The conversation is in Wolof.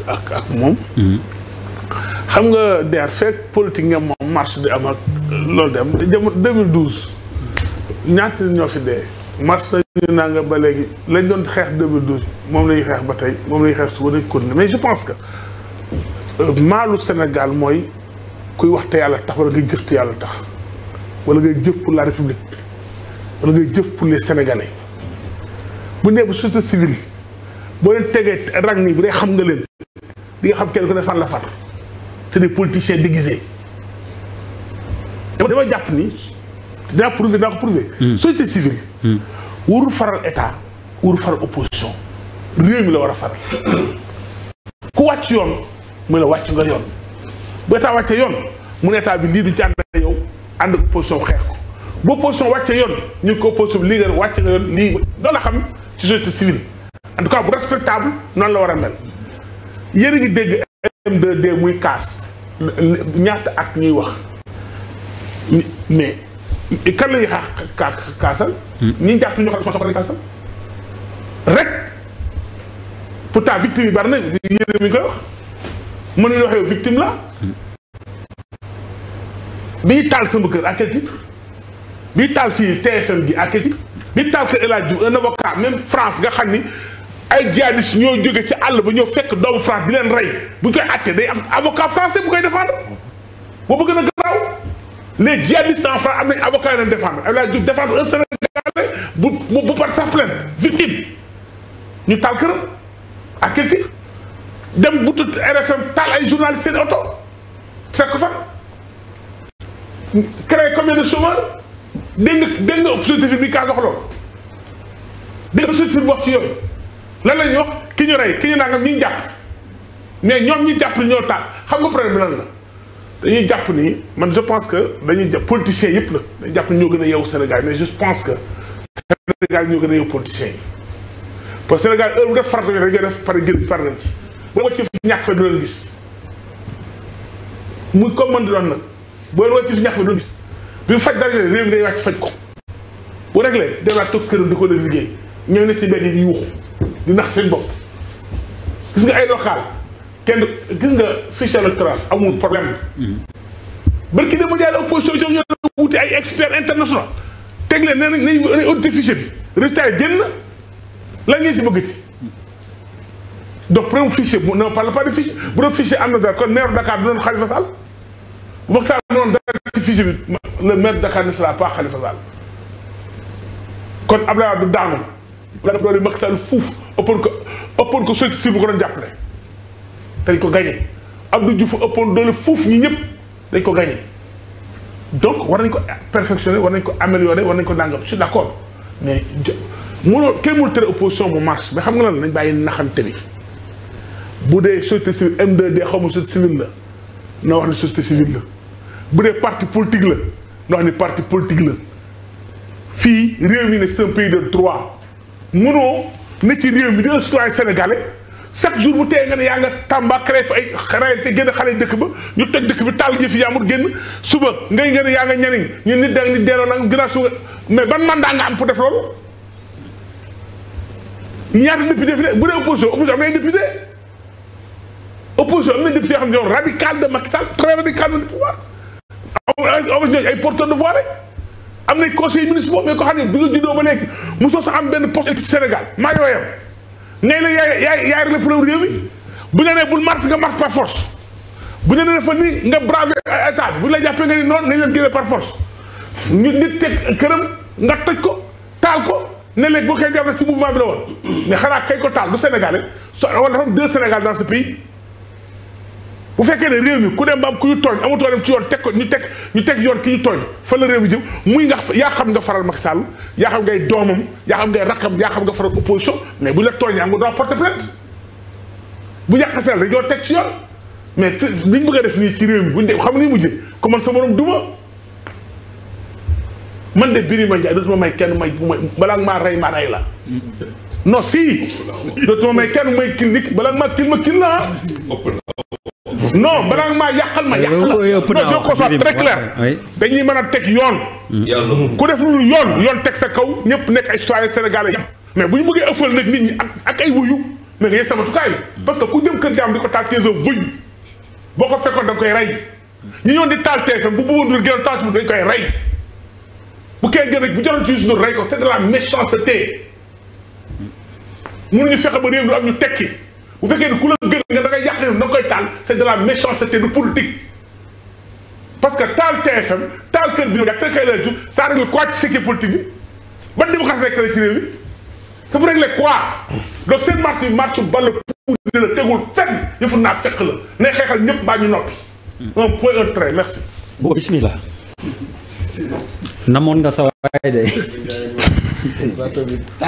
ak mm-hmm. moom. Mm-hmm. xam nga der fekk politique nga moom marche di am ak loolu dem te jamono 2012 ñaata ñoo fi dee. marche nañu nangam ba léegi lañ doon xeex 2012 moom la xeex ba tey moom la ñuy xeex suba nañ continuer mais je pense que euh, maalu Sénégal mooy kuy wax te yàlla tax wala ngay jëf te yàlla tax wala ngay jëf pour la république wala ngay jëf pour les sénégalais bu nee bu société civile. boo leen tegee rang nii bu dee xam nga leen di nga xam kenn ku ne fan la far c'est des politiciens déguisés dama dama jàpp ni dinaa prouver dinaa ko prouver. Hmm. société civile. Hmm. warul faral état warul faral opposition réew mi la war a faral ku wàcc yoon mu la wàcc nga yoon bu état wàccee yoon mu ne état bi lii du ci ànd ak yow ànd ak opposition xeex ko bu opposition wàccee yoon ñu ko opposition bi lii nga wàcce nga yoon lii doon la xam ci société civile. en tout cas bu respectable noonu la war a mel yéen a ngi dégg M2D muy kaas ñaata at ñuy wax mais kan la ñuy xaar kaasal. Hmm. ñi jàpp ñu xam soxla kaasal rek pourtant victime yi bari na yéen mi ngi koy wax mën nañu wax yow victime la hmm. bi ñu taal sama kër à quel titre bi ñu taal fii TFM gi à quel titre bi ñu taal kër El Hadj Diouf un avocat même France nga xam ni. ay jihadistes ñoo jóge ci àll ba ñoo fekk doomu France di leen rey bu ñu koy àttee day am avocat français bu koy défendre boobu gën a garaaw les jihadistes en France am nañ avocat yu leen défendre Abdoulaye Diouf défendre un Sénégalais bu bu par sa plainte ñu taal këram à bu tudd RFM taal ay journalistes seen oto fekk ko fan créé combien de dégg dégg nga société bi kaa dox dégg nga société bi wax ci yooyu. lan la ñuy ki ñu rey ki ñu nangam ñi jàpp mais ñoom ñu jàpp ni ñoo tax xam nga problème bi lan la dañuy jàpp ni man je pense que dañuy jàpp politiciens yëpp la jàpp ñoo gën a yeewu Sénégal mais je pense que Sénégal ñoo gën a yeewu politiciens yi parce Sénégal heure bu def farata bi rek dañoo def pare gën par nañ ci boo ko ci ñàkk fa du leen gis muy comme man di doon nag boo leen wàcc ci ñàkk fa du leen gis bi faj dara réew mi day wàcc faj ko bu réglé demaat toog këram di ko leen liggéey ñoo nekk ci mbedd yuuxu di nax seen bopp gis nga ay local kenn gis nga fiche électorale amul problème barki dama jaay la opposition ñoom ñoo wuti ay expert international teg leen nee nañ nañ audité fichier bi résultat yi génn lan ngeen ci bëggati donc problème fichier bu ne parle pas de fichier am na dara kon maire Dakar du doon Khalifa Sall bu Macky Sall noonu dara ci fichier bi le maire Dakar ne sera pas Khalifa Sall kon Abdoulaye Wade daanu la doon Macky Sall fuuf ëppoon ko ëppoon ko solti si bu ko doon jàppale dañ ko gagné du Diouf ëppoon doole fuuf ñi ñëpp dañ ko gagné donc war nañ ko perfectionner war nañ ko améliorer war nañ ko nangam je suis d'accord mais mënoo kenn mënul tere opposition bu marche mais xam nga lan nañ bàyyi naxante bi bu dee société civile m 2 xaw ma société civile la na wax ni société civile la bu dee parti politique la na wax ni parti politique la fii réew mi ne c'est un pays de droit mënoo nit ci réew mi di citoyen sénégalais chaque jour bu teye nga ne yaa nga Tamba créé fa ay rayante génn xale yi dëkk ba ñu toj dëkk bi tàll yëfi yaamut génn suba ngay nga ne yaa nga ñaniñ ñu nit da nit delloo nag ginnaaw suba mais ban mandat nga am pour def loolu ñaata député fi ne bu dee opposition opposition am na ay député opposition am na député yoo xam ne ñoom radical de Macky Sall radical du pouvoir am ñooñu ay porteur de voix rek am na conseil municipal boo mais ko xam ne bi nga juddoo ba nekk mosoo sa am benn poste ci Sénégal maa ngi yem ngay ne yaay yaay yaay rek la réew mi bu ñu nee bul marche nga marche par bu ñu nee dafa ni nga braver état bu ñu la jàppee nga ni leen génne par force ñu nit teg këram nga toj ko taal ko ne léegi boo koy jàpp rek ci mouvement bi la woon mais xanaa kay ko taal du Sénégalais so wala dafa am deux Sénégal dans ce pays. bu fekkee ne réew mi ku dem ba am ku ñu tooñ amatoo dem ci yoon teg ko ñu teg ñu teg yoon ki ñu tooñ fa la réew mi jëm muy nga xam nga faral Macky Sall yaa xam ngay doomam yaa xam ngay rakkam yaa xam nga faral opposition mais bu la tooñee am nga droit porter plainte bu yàqaseel rek yoo teg ci yoon mais li ñu bëgg a def nii ci réew mi buñ de xam ni mujj ko man sa morom duma man de Birima Ndiaye dootuma may kenn may balaa nga maa rey ma rey la non si dootuma may kenn may kil nit balaa nga maa kil ma kil la non balaa maa yàqal ma yàq la mais je conçois très clair dañuy mën a teg yoon. ku def lu yoon yoon teg sa kaw ñëpp nekk ay citoyen sénégalais mais bu ñu bëggee ëffal nag nit ñi ak ak ay wuyu mais ngay sama tukaay parce que ku jëm kër jaam di ko taal tees a wuyu boo ko fekkoon da nga koy rey ñi ñoon di taal tees bu bëggoon di gën a taal ci dañ koy rey bu kee gën bu jaral ci suñu rey ko c'est de la méchanceté mënuñu fexe ba réew mi am ñu tekki bu fekkee ni ku la gën nga da ngay yàq taal c'est de la méchanceté du politique parce que taal TFM taal kër bi te kër la jub ça règle quoi ci sécurité politique bi ban démocratie lay créé ci réew mi ça peut régler quoi donc seen marche bi marche ball pour la tegul fenn yëfu naa fekk la ne xeexal ñëpp baa ñu noppi un point un trait merci bo bismillah namoon nga sa waay de